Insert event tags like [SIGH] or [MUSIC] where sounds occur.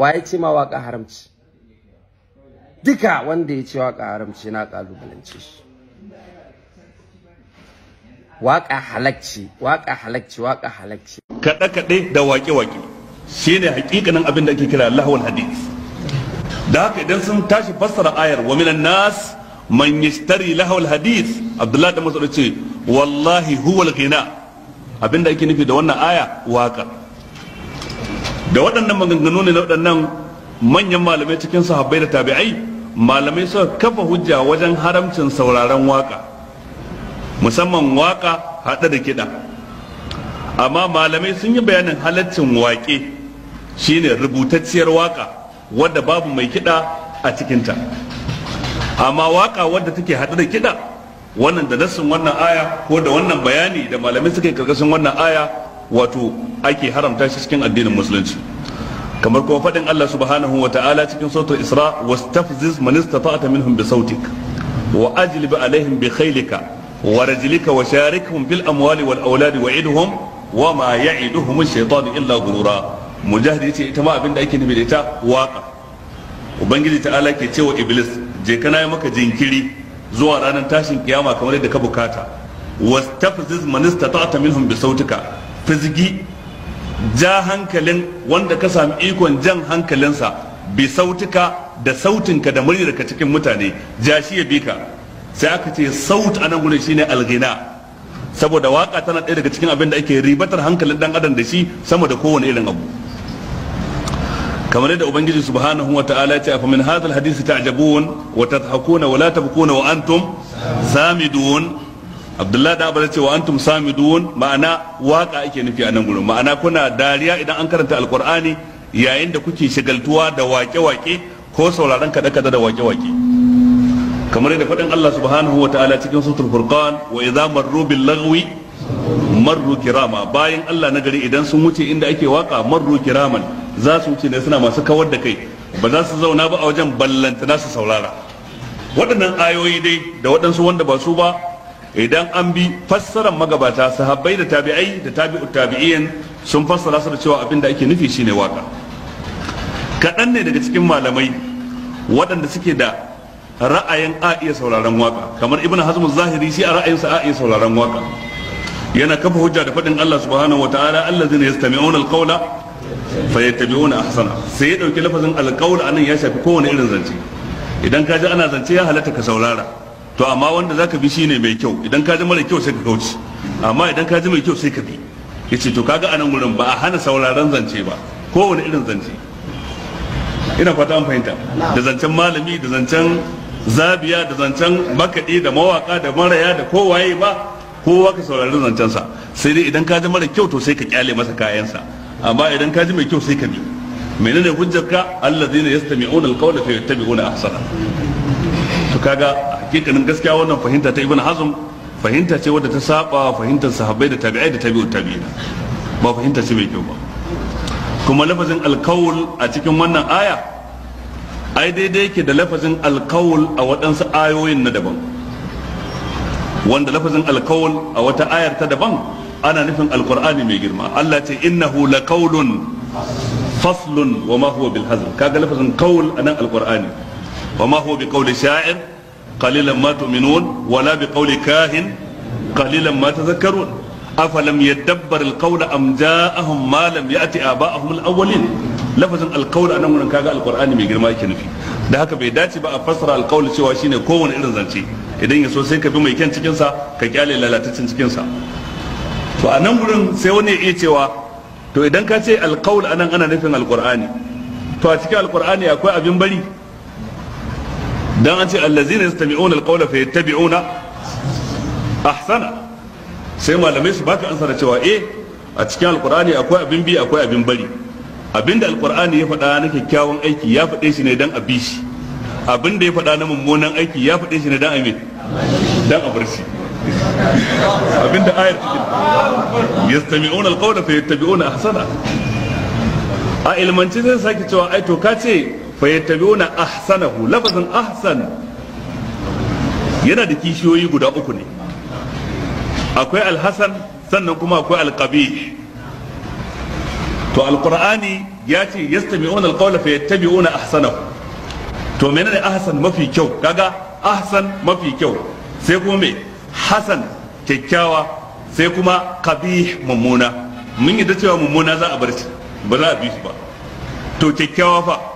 wa ya ce ma waka haramci duka wanda ya ce waka haramci na kalubalance shi waka halacci waka halacci waka halacci kada kade da wake wake shine hakikanin abin da ake kira lahawar hadith da haka idan sun tashi fassara ayar wa minan nas man yashtari hadith abdullahi da masu ce wallahi huwal ghina abin da ake nufi da wannan aya waka da waɗannan maganganu ne na waɗannan manyan malamai cikin sahabbai da tabi'ai malamai suka kafa hujja wajen haramcin sauraron waka musamman waka haɗe da kiɗa amma malamai sun yi bayanin halaccin waƙe shine rubutacciyar waka wadda babu mai kiɗa a cikinta amma waka wadda take hada da kiɗa wannan da nassin wannan aya ko da wannan bayani da malamai suka yi karkashin wannan aya wato ake haramta shi cikin addinin musulunci kamar kuma faɗin Allah subhanahu wa ta'ala cikin sautar Isra wastafziz man istata'ta minhum bi sautik wa ajlib alaihim bi khaylika wa rajlika wa sharikhum fil amwali wal auladi wa idhum wa ma ya'iduhum ash-shaytan illa ghurura mujahid yace ita ma abinda ake nufi da ita waka ubangiji ta'ala ke cewa iblis je kana yi maka jinkiri zuwa ranar tashin kiyama kamar yadda ka bukata wastafziz man istata'ta minhum bi sautika fizgi ja hankalin wanda ka sami ikon jan hankalinsa bi sautuka da sautinka da muryarka cikin mutane ja shi ya bi ka sai aka ce saut a nan gudun shine alghina saboda waka tana ɗaya daga cikin abin da ake ribatar hankalin dan adam da shi sama da kowane irin abu kamar yadda ubangiji subhanahu wa ta'ala ya ce afa min hadha alhadith ta'jabun wa tadhakuna wa la tabkuna wa antum samidun abdullahi da abada ce wa antum samidun ma'ana waka ake nufi a nan gurin ma'ana kuna dariya idan an karanta alqur'ani yayin da kuke shigaltuwa da wake-wake ko sauraron kada-kada da wake-wake kamar yadda faɗin Allah subhanahu wa ta'ala cikin sutul furqan wa idza marru bil lagwi marru kirama bayan Allah na gari idan sun wuce inda ake waka marru kiraman za su wuce ne suna masu kawar da kai ba za su zauna ba a wajen ballanta na su saurara waɗannan ayoyi dai da waɗansu wanda ba su ba idan an bi fassarar magabata sahabbai da tabi'ai da tabi'u tabi'in sun fassara su da cewa abin da ake nufi shine waka kaɗan ne daga cikin malamai waɗanda suke da ra'ayin a iya sauraron waka kamar ibn hazm zahiri shi a ra'ayinsa a iya sauraron waka yana kafa hujja da faɗin Allah subhanahu wataala allazina yastami'una alqawla fayattabi'una ahsana sai ya dauki lafazin alqawla anan ya shafi kowane irin zance idan ka ji ana zance ya halatta ka saurara to amma wanda zaka bi shine mai kyau idan ka ji mara kyau sai ka kauce amma idan ka ji mai kyau sai ka bi yace to kaga anan gurin ba a hana sauraron zance ba kowane irin zance ina fata an fahimta da zancen malami da zancen zabiya da zancen makadi da mawaka da maraya da kowaye ba kowa ka saurari zancensa sai dai idan ka ji mara kyau to sai ka kyale masa kayansa amma idan ka ji mai kyau sai ka bi menene hujjarka allazina yastami'una alqawla fa yattabi'una ahsana to kaga hakikanin gaskiya wannan fahimta ta ibn hazm fahimta ce wadda ta saba fahimtar sahabbai da tabi'ai da tabi'ut tabi'ina ba fahimta ce mai kyau ba kuma lafazin alqawl a cikin wannan aya ai daidai yake da lafazin alqawl a waɗansu ayoyin na daban wanda lafazin alkawul a wata ayar ta daban ana nufin alkur'ani mai girma Allah ce innahu laqawlun faslun wa ma huwa bil hazl kaga lafazin qawl anan alqur'ani wa ma huwa bi qawli sha'ir qalilan ma bi qawli kahin qalilan ma tadhakkarun afalam yadabbar alqawla am ja'ahum ma lam ya'ti aba'ahum lafazin alqawl kaga alqur'ani mai girma yake nufi da haka bai dace ba a fassara alqawl cewa shine kowane irin zance idan ya so sai ka bi mai kyan cikinsa ka kyale lalatacin cikinsa to a nan gurin sai wani ya iya cewa to idan ka ce alqaul anan ana nufin Alƙur'ani, to a cikin Alƙur'ani akwai abin bari dan an ce allazina yastami'una alqawla fayattabi'una ahsana sai malamai su baka ansara cewa eh a cikin Alƙur'ani akwai abin bi akwai abin bari abinda Alƙur'ani ya faɗa na kyakkyawan aiki ya faɗe shi ne dan a bi shi abinda ya faɗa na mummunan aiki ya faɗe shi ne dan a me dan a bar shi [LAUGHS] Abin da ayar cikin. take yastami'una alqawla fa yattabi'una ahsana a ilmance zai sake cewa ai to ka ce fa yattabi'una ahsanahu lafazin ahsan yana da kishiyoyi guda uku ne akwai AlHassan sannan kuma akwai alqabih to alqur'ani ya ce yastami'una alqawla fa yattabi'una ahsanahu to menene ahsan mafi kyau kaga ahsan mafi kyau sai kuma me hasan kyakkyawa sai kuma qabih mummuna mun yi da cewa mummuna za a bar shi ba za a bi shi ba to kyakkyawa fa